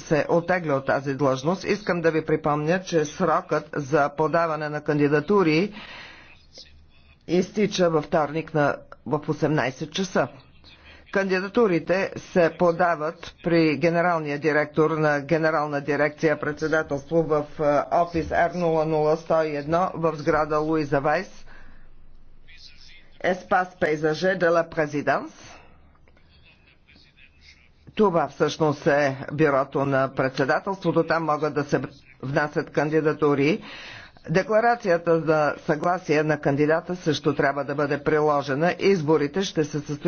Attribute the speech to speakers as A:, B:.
A: се отегля от тази длъжност. Искам да ви припомня, че срокът за подаване на кандидатури изтича във вторник на, в 18 часа. Кандидатурите се подават при генералния директор на Генерална дирекция председателство в е, офис R00101 в сграда Луиза Вайс, Еспас Пейзаже де ла Президанс. Това всъщност е бюрото на председателството. Там могат да се внасят кандидатури. Декларацията за съгласие на кандидата също трябва да бъде приложена. Изборите ще се
B: състоят